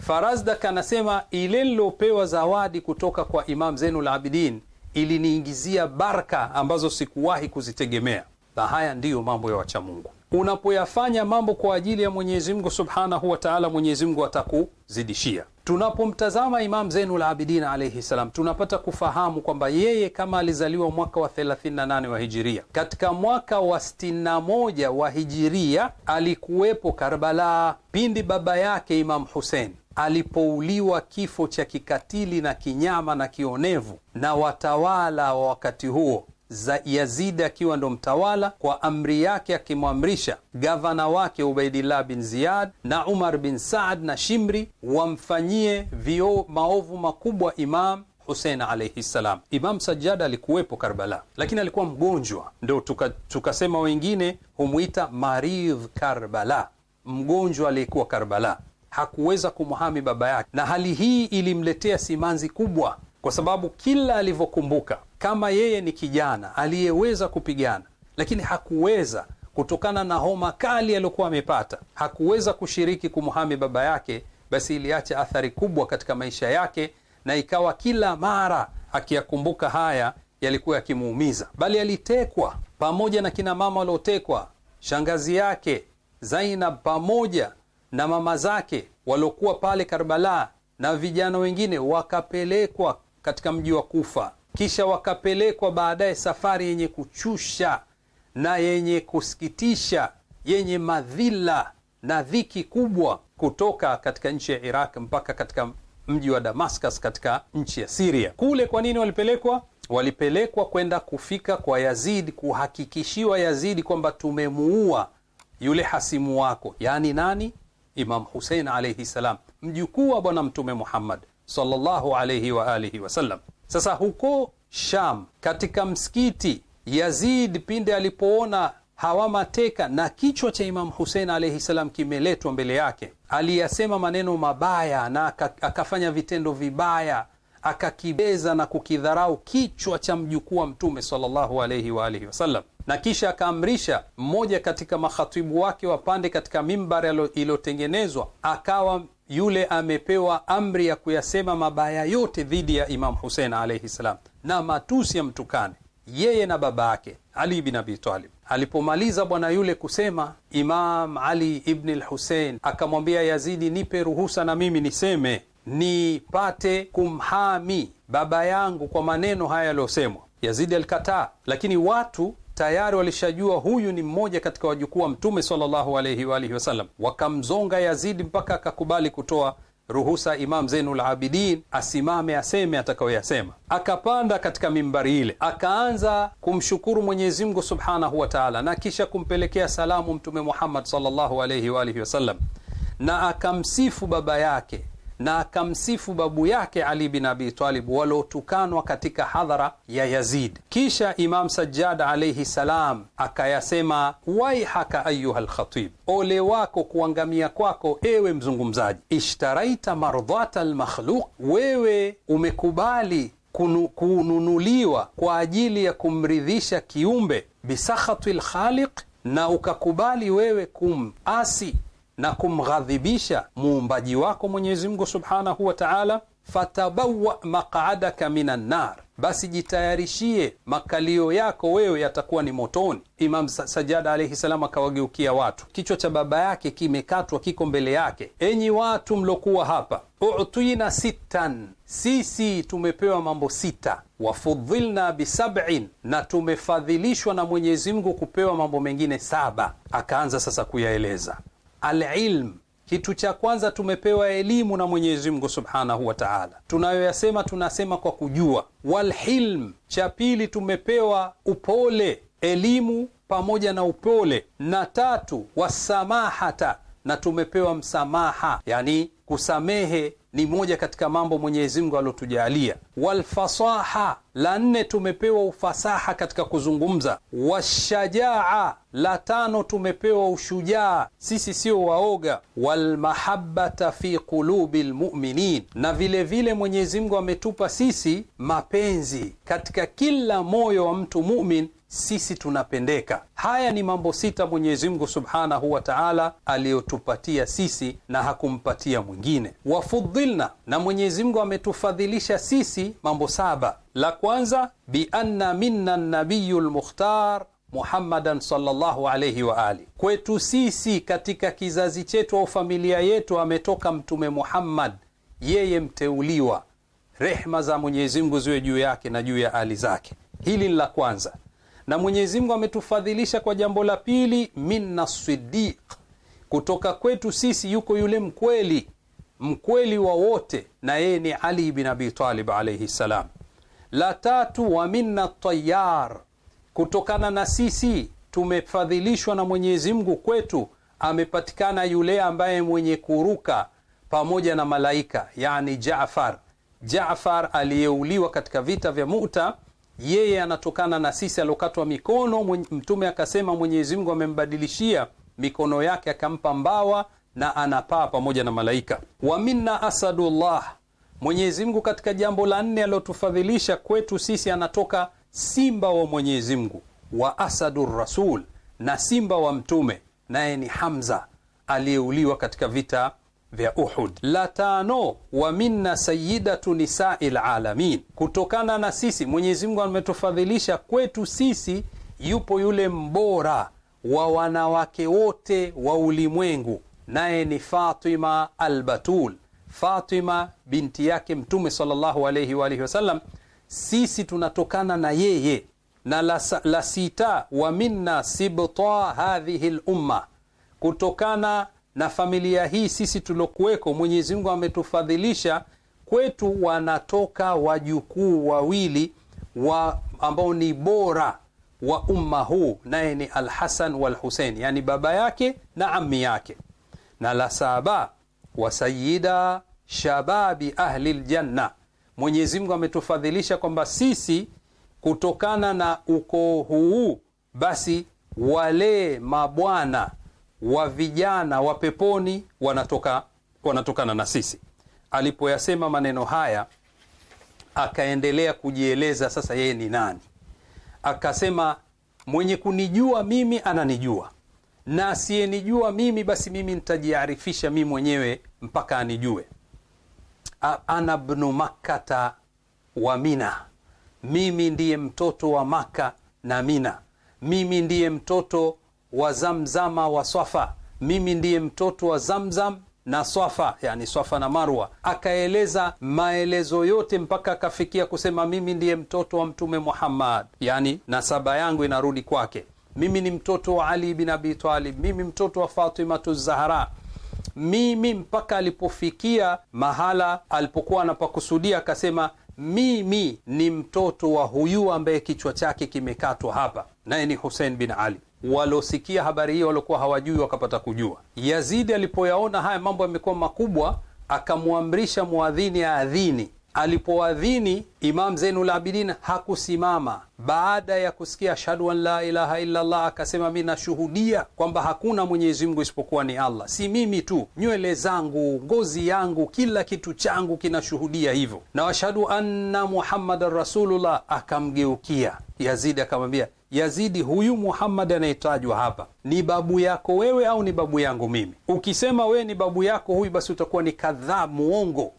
Farazdak anasema ile nilopewa zawadi kutoka kwa Imam Zainul Abidin iliniingizia baraka ambazo sikuwahi kuzitegemea, na haya ndiyo mambo ya wachamungu unapoyafanya mambo kwa ajili ya Mwenyezi Mungu subhanahu wa taala, Mwenyezi Mungu atakuzidishia. Tunapomtazama Imam zeinulabidin Abidin alayhi salam, tunapata kufahamu kwamba yeye kama alizaliwa mwaka wa 38 wa hijiria, katika mwaka wa 61 wa hijiria alikuwepo Karbala pindi baba yake Imam Husein alipouliwa kifo cha kikatili na kinyama na kionevu na watawala wa wakati huo za Yazidi akiwa ndo mtawala, kwa amri yake akimwamrisha gavana wake Ubaidillah bin Ziyad na Umar bin Saad na Shimri wamfanyie vio maovu makubwa Imam Husein alaihi ssalam Imam Sajjad alikuwepo Karbala, lakini alikuwa mgonjwa, ndo tukasema tuka wengine humwita maridh Karbala, mgonjwa aliyekuwa Karbala hakuweza kumhami baba yake, na hali hii ilimletea simanzi kubwa, kwa sababu kila alivyokumbuka kama yeye ni kijana aliyeweza kupigana, lakini hakuweza kutokana na homa kali aliyokuwa amepata, hakuweza kushiriki kumhami baba yake, basi iliacha athari kubwa katika maisha yake, na ikawa kila mara akiyakumbuka haya yalikuwa yakimuumiza. Bali alitekwa pamoja na kina mama waliotekwa, shangazi yake Zainab pamoja na mama zake waliokuwa pale Karbala na vijana wengine wakapelekwa katika mji wa Kufa kisha wakapelekwa baadaye safari yenye kuchusha na yenye kusikitisha yenye madhila na dhiki kubwa kutoka katika nchi ya Iraq mpaka katika mji wa Damascus katika nchi ya Siria. Kule kwa nini walipelekwa? Walipelekwa kwenda kufika kwa Yazidi, kuhakikishiwa Yazidi kwamba tumemuua yule hasimu wako, yani nani? Imam Husein alaihi salam, mjukuu wa Bwana Mtume Muhammad sallallahu alaihi wa alihi wasallam. Sasa huko Sham, katika msikiti Yazid, pinde alipoona hawa mateka na kichwa cha Imamu Husein alaihi salam kimeletwa mbele yake, aliyasema maneno mabaya na akafanya vitendo vibaya, akakibeza na kukidharau kichwa cha mjukuu wa Mtume sallallahu alaihi waalihi wasallam, na kisha akaamrisha mmoja katika makhatibu wake wapande katika mimbari iliyotengenezwa, akawa yule amepewa amri ya kuyasema mabaya yote dhidi ya Imam Husein alaihi ssalam, na matusi ya mtukane yeye na baba yake Ali bin Abi Talib. Alipomaliza bwana yule kusema, Imam Ali ibn Lhusein husein akamwambia Yazidi, nipe ruhusa na mimi niseme, nipate kumhami baba yangu kwa maneno haya yaliyosemwa. Yazidi alikataa, lakini watu tayari walishajua huyu ni mmoja katika wajukuu wa Mtume sallallahu alaihi wa alihi wasallam, wakamzonga Yazidi mpaka akakubali kutoa ruhusa Imam Zainul Abidin asimame aseme atakayoyasema. Akapanda katika mimbari ile akaanza kumshukuru Mwenyezi Mungu subhanahu wa taala, na kisha kumpelekea salamu Mtume Muhammad sallallahu alaihi wa alihi wasallam, na akamsifu baba yake na akamsifu babu yake Ali bin Abi Talib walotukanwa katika hadhara ya Yazid. Kisha Imam Sajjad alaihi salam akayasema, waihaka ayuha lkhatib, ole wako kuangamia kwako ewe mzungumzaji, ishtaraita mardhata lmakhluq, wewe umekubali kunu, kununuliwa kwa ajili ya kumridhisha kiumbe bisakhati lkhaliq, na ukakubali wewe kumasi na kumghadhibisha muumbaji wako Mwenyezi Mungu subhanahu wa taala, fatabawa maqadaka minan nar, basi jitayarishie makalio yako wewe yatakuwa ni motoni. Imam Sajada alayhi salam akawageukia watu, kichwa cha baba yake kimekatwa, kiko mbele yake. Enyi watu mlokuwa hapa, utina sittan, sisi tumepewa mambo sita, wafudhilna bisab'in, na tumefadhilishwa na Mwenyezi Mungu kupewa mambo mengine saba. Akaanza sasa kuyaeleza alilm kitu cha kwanza tumepewa elimu na Mwenyezi Mungu Subhanahu wa Ta'ala, tunayoyasema tunasema kwa kujua. Walhilm, cha pili tumepewa upole, elimu pamoja na upole, na tatu wasamahata, na tumepewa msamaha, yani kusamehe ni moja katika mambo Mwenyezi Mungu aliotujalia. Walfasaha, la nne tumepewa ufasaha katika kuzungumza. Washajaa, la tano tumepewa ushujaa, sisi sio waoga. walmahabata fi qulubi lmuminin, na vilevile Mwenyezi Mungu ametupa sisi mapenzi katika kila moyo wa mtu mumin sisi tunapendeka. Haya ni mambo sita Mwenyezi Mungu subhanahu wa taala aliyotupatia sisi na hakumpatia mwingine. Wafudhilna, na Mwenyezi Mungu ametufadhilisha sisi mambo saba. La kwanza, bianna minna nabiyu lmukhtar Muhammadan sallallahu alayhi wa ali, kwetu sisi katika kizazi chetu au familia yetu ametoka Mtume Muhammad, yeye mteuliwa, rehma za Mwenyezi Mungu ziwe juu yake na juu ya ali zake. Hili ni la kwanza na Mwenyezi Mungu ametufadhilisha kwa jambo la pili, minna sidiq, kutoka kwetu sisi yuko yule mkweli, mkweli wa wote, na yeye ni Ali bin Abi Talib alayhi salam. La tatu, wa minna tayar, kutokana na sisi tumefadhilishwa na Mwenyezi Mungu, kwetu amepatikana yule ambaye mwenye kuruka pamoja na malaika, yani Jaafar, Jaafar aliyeuliwa katika vita vya Mu'ta yeye anatokana na sisi aliokatwa mikono. Mtume akasema Mwenyezi Mungu amembadilishia mikono yake akampa mbawa na anapaa pamoja na malaika. Wa minna asadullah, Mwenyezi Mungu katika jambo la nne alilotufadhilisha kwetu sisi anatoka simba wa Mwenyezi Mungu, wa asadu rasul, na simba wa mtume naye ni Hamza aliyeuliwa katika vita vya Uhud. La tano, wa minna sayidatu nisai lalamin, kutokana na sisi Mwenyezi Mungu ametufadhilisha kwetu sisi yupo yule mbora wa wanawake wote wa ulimwengu, naye ni Fatima Albatul, Fatima binti yake Mtume sallallahu alayhi wa alihi wasallam. Sisi tunatokana na yeye. Na la, la sita, wa minna sibta hadhihi lumma, kutokana na familia hii sisi tuliokuweko, Mwenyezi Mungu ametufadhilisha kwetu, wanatoka wajukuu wawili wa ambao ni bora wa umma huu, naye ni Alhasan walhusein, yani baba yake na ami yake. Na la saba wasayida shababi ahli ljanna, Mwenyezi Mungu ametufadhilisha kwamba sisi kutokana na ukoo huu basi wale mabwana wa vijana wa peponi wanatoka wanatokana na sisi. Alipoyasema maneno haya, akaendelea kujieleza sasa yeye ni nani. Akasema, mwenye kunijua mimi ananijua, na asiyenijua mimi basi mimi nitajiarifisha mimi mwenyewe mpaka anijue. Ana bnu makkata wa Mina, mimi ndiye mtoto wa Maka na Mina, mimi ndiye mtoto wa Zamzama wa Swafa, mimi ndiye mtoto wa Zamzam na Swafa, yani Swafa na Marwa. Akaeleza maelezo yote mpaka akafikia kusema mimi ndiye mtoto wa Mtume Muhammad, yani nasaba yangu inarudi kwake. Mimi ni mtoto wa Ali bin Abi Talib, mimi mtoto wa Fatimatu Zahra, mimi mpaka alipofikia mahala alipokuwa anapakusudia, akasema mimi ni mtoto wa huyu ambaye kichwa chake kimekatwa hapa, naye ni Husein bin Ali walosikia habari hiyo waliokuwa hawajui wakapata kujua. Yazidi alipoyaona haya mambo yamekuwa makubwa, akamwamrisha mwadhini aadhini. Alipoadhini Imam Zainul Abidin hakusimama. Baada ya kusikia ashhadu an la ilaha illallah, akasema mi nashuhudia kwamba hakuna Mwenyezi Mungu isipokuwa ni Allah. Si mimi tu, nywele zangu, ngozi yangu, kila kitu changu kinashuhudia hivyo, na washhadu anna Muhammadan Rasulullah. Akamgeukia Yazidi akamwambia Yazidi huyu Muhammad anayetajwa hapa ni babu yako wewe au ni babu yangu mimi? Ukisema wewe ni babu yako huyu, basi utakuwa ni kadhaa, muongo,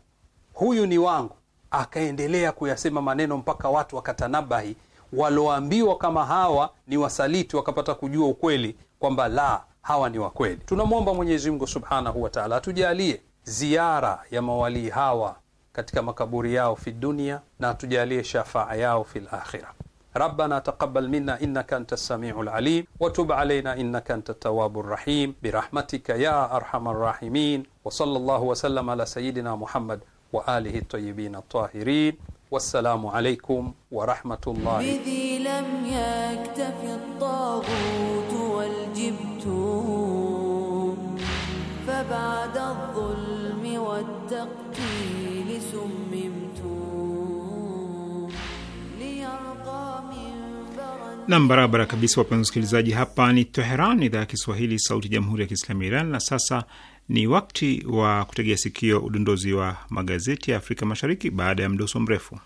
huyu ni wangu. Akaendelea kuyasema maneno mpaka watu wakatanabahi, waloambiwa kama hawa ni wasaliti wakapata kujua ukweli kwamba la, hawa ni wakweli. Tunamwomba Mwenyezi Mungu subhanahu wataala atujalie ziara ya mawalii hawa katika makaburi yao fi dunia na atujalie shafaa yao fi lakhira. ربنا تقبل منا إنك أنت السميع العليم وتب علينا إنك أنت التواب الرحيم برحمتك يا أرحم الراحمين وصلى الله وسلم على سيدنا محمد وآله الطيبين الطاهرين والسلام عليكم ورحمة الله بذي لم يكتف الطاغوت والجبت فبعد الظلم والتقتيل سممت Nam barabara kabisa, wapenzi wasikilizaji, hapa ni Teheran, idhaa ya Kiswahili, sauti ya jamhuri ya kiislamu ya Iran. Na sasa ni wakati wa kutegea sikio udondozi wa magazeti ya Afrika Mashariki baada ya mdoso mrefu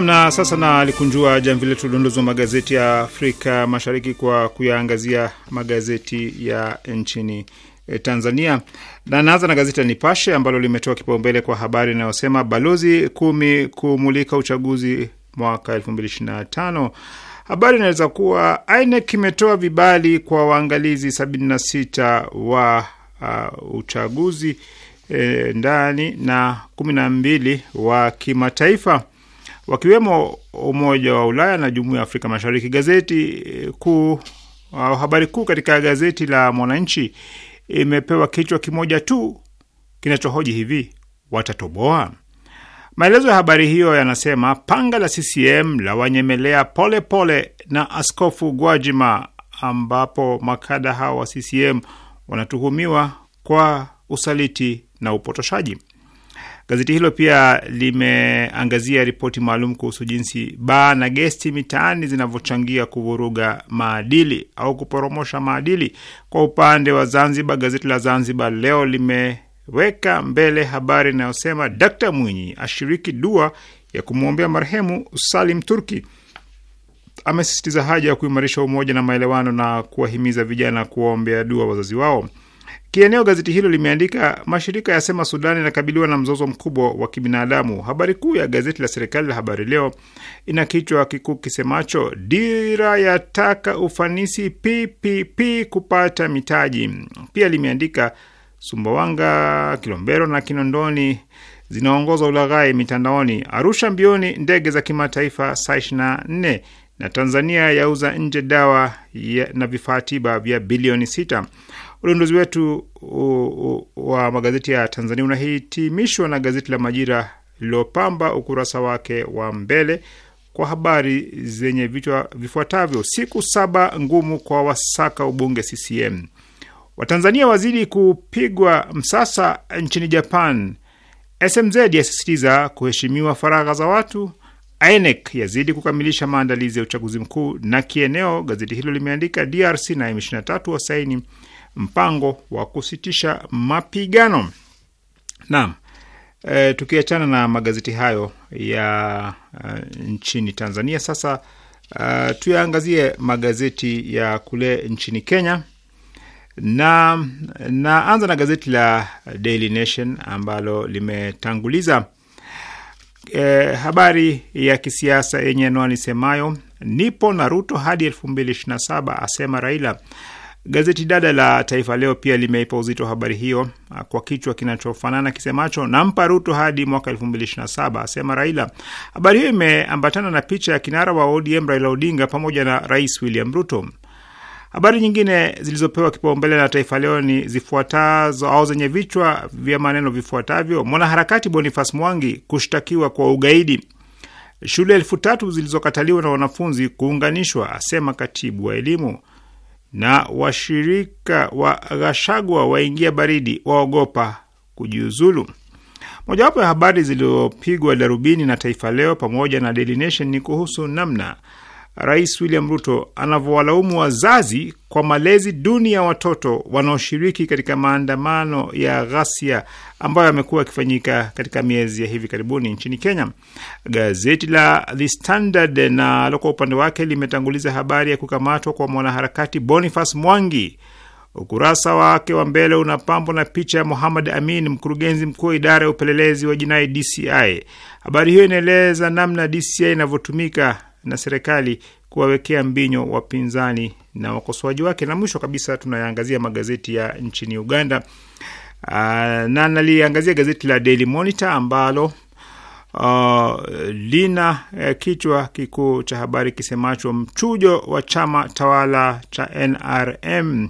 namna. Sasa na alikunjua jamvi letu udondozi wa magazeti ya Afrika Mashariki kwa kuyaangazia magazeti ya nchini e, Tanzania na naanza na gazeti la Nipashe ambalo limetoa kipaumbele kwa habari inayosema balozi kumi kumulika uchaguzi mwaka 2025. Habari inaweza kuwa INEC imetoa vibali kwa waangalizi 76 wa uh, uchaguzi e, ndani na 12 wa kimataifa wakiwemo Umoja wa Ulaya na Jumuiya ya Afrika Mashariki. Gazeti eh, kuu, habari kuu katika gazeti la Mwananchi imepewa kichwa kimoja tu kinachohoji hivi, watatoboa? Maelezo ya habari hiyo yanasema panga la CCM la wanyemelea pole pole na Askofu Gwajima, ambapo makada hao wa CCM wanatuhumiwa kwa usaliti na upotoshaji. Gazeti hilo pia limeangazia ripoti maalum kuhusu jinsi baa na gesti mitaani zinavyochangia kuvuruga maadili au kuporomosha maadili. Kwa upande wa Zanzibar, gazeti la Zanzibar Leo limeweka mbele habari inayosema Dkt Mwinyi ashiriki dua ya kumwombea marehemu Salim Turki. Amesisitiza haja ya kuimarisha umoja na maelewano na kuwahimiza vijana kuwaombea dua wazazi wao. Kieneo, gazeti hilo limeandika mashirika yasema Sudan inakabiliwa na mzozo mkubwa wa kibinadamu. Habari kuu ya gazeti la serikali la Habari Leo ina kichwa kikuu kisemacho dira yataka ufanisi PPP kupata mitaji. Pia limeandika Sumbawanga, Kilombero na Kinondoni zinaongoza ulaghai mitandaoni. Arusha mbioni ndege za kimataifa saa 24 na Tanzania yauza nje dawa ya na vifaa tiba vya bilioni sita. Udondozi wetu wa magazeti ya Tanzania unahitimishwa na gazeti la Majira lililopamba ukurasa wake wa mbele kwa habari zenye vichwa vifuatavyo: siku saba ngumu kwa wasaka ubunge CCM, Watanzania wazidi kupigwa msasa nchini Japan, SMZ yasisitiza kuheshimiwa faragha za watu, INEC yazidi kukamilisha maandalizi ya uchaguzi mkuu. Na kieneo, gazeti hilo limeandika DRC na M23 wasaini mpango wa kusitisha mapigano. Naam. E, tukiachana na magazeti hayo ya uh, nchini Tanzania sasa, uh, tuyaangazie magazeti ya kule nchini Kenya na naanza na gazeti la Daily Nation ambalo limetanguliza e, habari ya kisiasa yenye anwani semayo nipo na Ruto hadi 2027 asema Raila. Gazeti dada la Taifa Leo pia limeipa uzito wa habari hiyo ah, kwa kichwa kinachofanana kisemacho nampa Ruto hadi mwaka 2027 asema Raila. Habari hiyo imeambatana na picha ya kinara wa ODM Raila Odinga pamoja na Rais William Ruto. Habari nyingine zilizopewa kipaumbele na Taifa Leo ni zifuatazo au zenye vichwa vya maneno vifuatavyo: mwanaharakati Boniface Mwangi kushtakiwa kwa ugaidi, shule elfu tatu zilizokataliwa na wanafunzi kuunganishwa, asema katibu wa elimu na washirika wa Ghashagwa waingia baridi, waogopa kujiuzulu. Mojawapo ya habari zilizopigwa darubini na Taifa Leo pamoja na Daily Nation ni kuhusu namna Rais William Ruto anavyowalaumu wazazi kwa malezi duni ya watoto wanaoshiriki katika maandamano ya ghasia ambayo yamekuwa yakifanyika katika miezi ya hivi karibuni nchini Kenya. Gazeti la The Standard nalo kwa upande wake limetanguliza habari ya kukamatwa kwa mwanaharakati Boniface Mwangi. Ukurasa wake wa mbele unapambwa na picha ya Muhammad Amin, mkurugenzi mkuu wa idara ya upelelezi wa jinai DCI. Habari hiyo inaeleza namna DCI inavyotumika na serikali kuwawekea mbinyo wapinzani na wakosoaji wake. Na mwisho kabisa, tunayaangazia magazeti ya nchini Uganda. Uh, na naliangazia gazeti la Daily Monitor ambalo uh, lina uh, kichwa kikuu cha habari kisemacho mchujo wa chama tawala cha NRM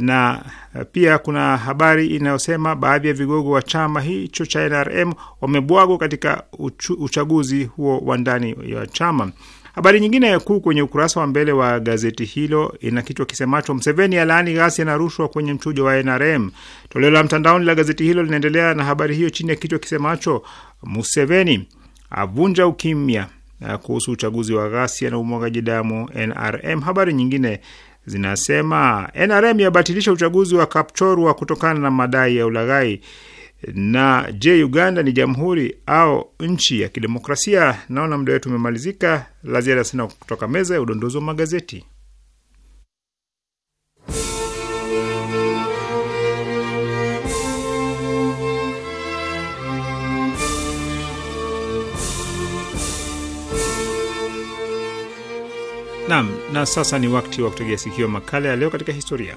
na eh, pia kuna habari inayosema baadhi ya vigogo wa chama hicho cha NRM wamebwagwa katika uchu, uchaguzi huo wa ndani ya chama. Habari nyingine kuu kwenye ukurasa wa mbele wa gazeti hilo ina kichwa kisemacho Mseveni alaani ghasia na rushwa kwenye mchujo wa NRM. Toleo la mtandaoni la gazeti hilo linaendelea na habari hiyo chini ya kichwa kisemacho Museveni avunja ukimya eh, kuhusu uchaguzi wa ghasia na umwagaji damu NRM. Habari nyingine zinasema NRM yabatilisha uchaguzi wa Kapchorwa kutokana na madai ya ulaghai na je, Uganda ni jamhuri au nchi ya kidemokrasia? Naona muda wetu umemalizika. La ziada sina kutoka meza ya udondozi wa magazeti. Naam, na sasa ni wakati wa kutegea sikio makala ya leo katika historia.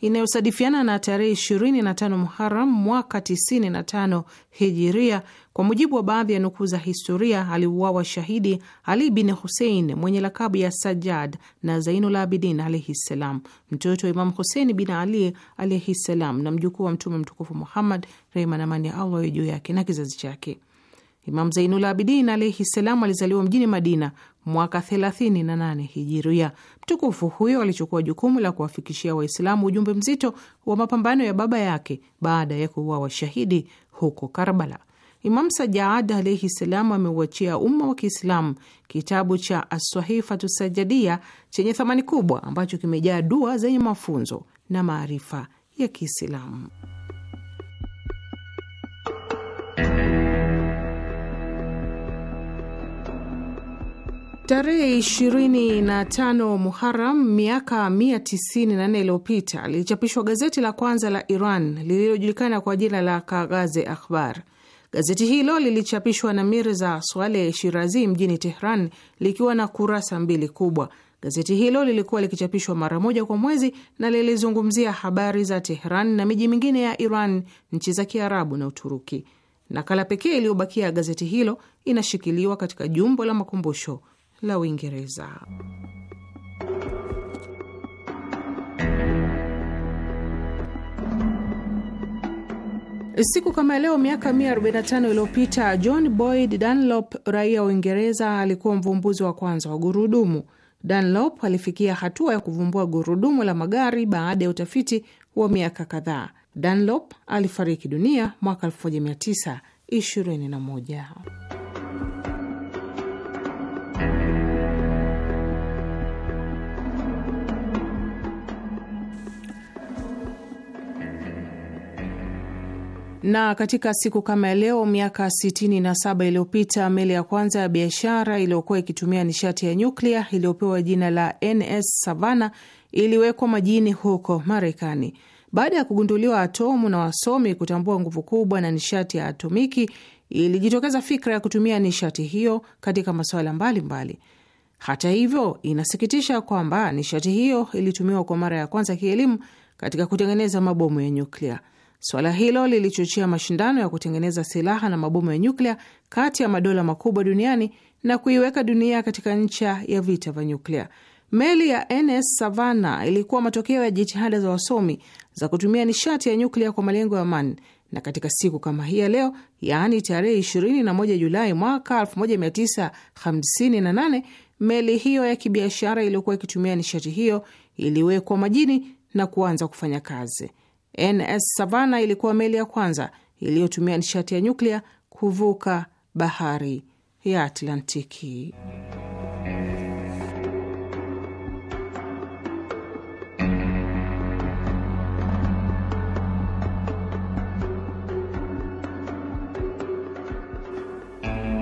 inayosadifiana na tarehe 25 Muharam mwaka 95 hijiria. Kwa mujibu wa baadhi ya nukuu za historia, aliuawa shahidi Ali bin Husein mwenye lakabu ya sajad na Zainul Abidin alaihi ssalam, mtoto wa Imamu Husein bin Ali alaihi ssalam, na mjukuu wa Mtume mtukufu Muhammad, rehma na amani ya Allah juu yake na kizazi chake. Imam Zainul Abidin alaihi salam alizaliwa mjini Madina mwaka 38 hijiria. Mtukufu huyo alichukua jukumu la kuwafikishia Waislamu ujumbe mzito wa mapambano ya baba yake baada ya kuua washahidi huko Karbala. Imam Sajaad alaihi salam ameuachia umma wa Kiislamu kitabu cha Aswahifatu Sajadia chenye thamani kubwa ambacho kimejaa dua zenye mafunzo na maarifa ya Kiislamu. Tarehe 25 Muharam miaka 194 iliyopita lilichapishwa gazeti la kwanza la Iran lililojulikana kwa jina la Kagaze Akhbar. Gazeti hilo lilichapishwa na Mirza Swaleh Shirazi mjini Tehran likiwa na kurasa mbili kubwa. Gazeti hilo lilikuwa likichapishwa mara moja kwa mwezi na lilizungumzia habari za Tehran na miji mingine ya Iran, nchi za Kiarabu na Uturuki. Nakala pekee iliyobakia gazeti hilo inashikiliwa katika jumba la makumbusho la Uingereza. Siku kama leo miaka 145 iliyopita John Boyd Dunlop, raia wa Uingereza, alikuwa mvumbuzi wa kwanza wa gurudumu. Dunlop alifikia hatua ya kuvumbua gurudumu la magari baada ya utafiti wa miaka kadhaa. Dunlop alifariki dunia mwaka 1921. Na katika siku kama ya leo miaka 67 iliyopita meli ya kwanza ya biashara iliyokuwa ikitumia nishati ya nyuklia iliyopewa jina la NS Savannah iliwekwa majini huko Marekani baada ya kugunduliwa atomu na wasomi kutambua nguvu kubwa na nishati ya atomiki. Ilijitokeza fikra ya kutumia nishati hiyo katika masuala mbalimbali. Hata hivyo, inasikitisha kwamba nishati hiyo ilitumiwa kwa mara ya kwanza kielimu katika kutengeneza mabomu ya nyuklia. Suala hilo lilichochea mashindano ya kutengeneza silaha na mabomu ya nyuklia kati ya madola makubwa duniani na kuiweka dunia katika ncha ya vita vya nyuklia. Meli ya NS savanna ilikuwa matokeo ya jitihada za wasomi za kutumia nishati ya nyuklia kwa malengo ya amani, na katika siku kama hii ya leo, yaani tarehe 21 Julai mwaka 1958, meli hiyo ya kibiashara iliyokuwa ikitumia nishati hiyo iliwekwa majini na kuanza kufanya kazi. NS savana ilikuwa meli ya kwanza iliyotumia nishati ya nyuklia kuvuka bahari ya Atlantiki.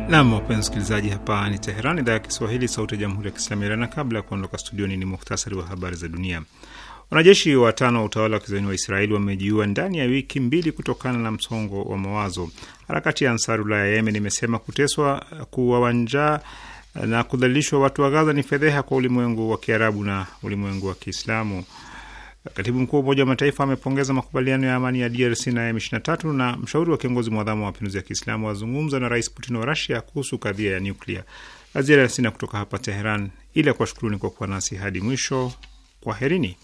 Nam, wapenzi msikilizaji, hapa ni Teheran, idhaa ya Kiswahili, sauti ya jamhuri ya kiislamu Iran. Na kabla ya kuondoka studioni, ni muhtasari wa habari za dunia. Wanajeshi watano wa utawala wa kizayuni wa Israeli wamejiua ndani ya wiki mbili kutokana na msongo wa mawazo. Harakati ya Ansarullah ya Yemen imesema kuteswa, kuuawa njaa na kudhalilishwa watu wa Gaza ni fedheha kwa ulimwengu wa Kiarabu na ulimwengu wa Kiislamu. Katibu mkuu wa Umoja wa Mataifa amepongeza makubaliano ya amani ya DRC na M23 na mshauri wa kiongozi mwadhamu wa mapinduzi ya Kiislamu wazungumza na Rais Putin wa Rusia kuhusu kadhia ya nyuklia. Aziara sina kutoka hapa Teheran, ila kuwashukuruni kwa kuwa nasi hadi mwisho. Kwaherini.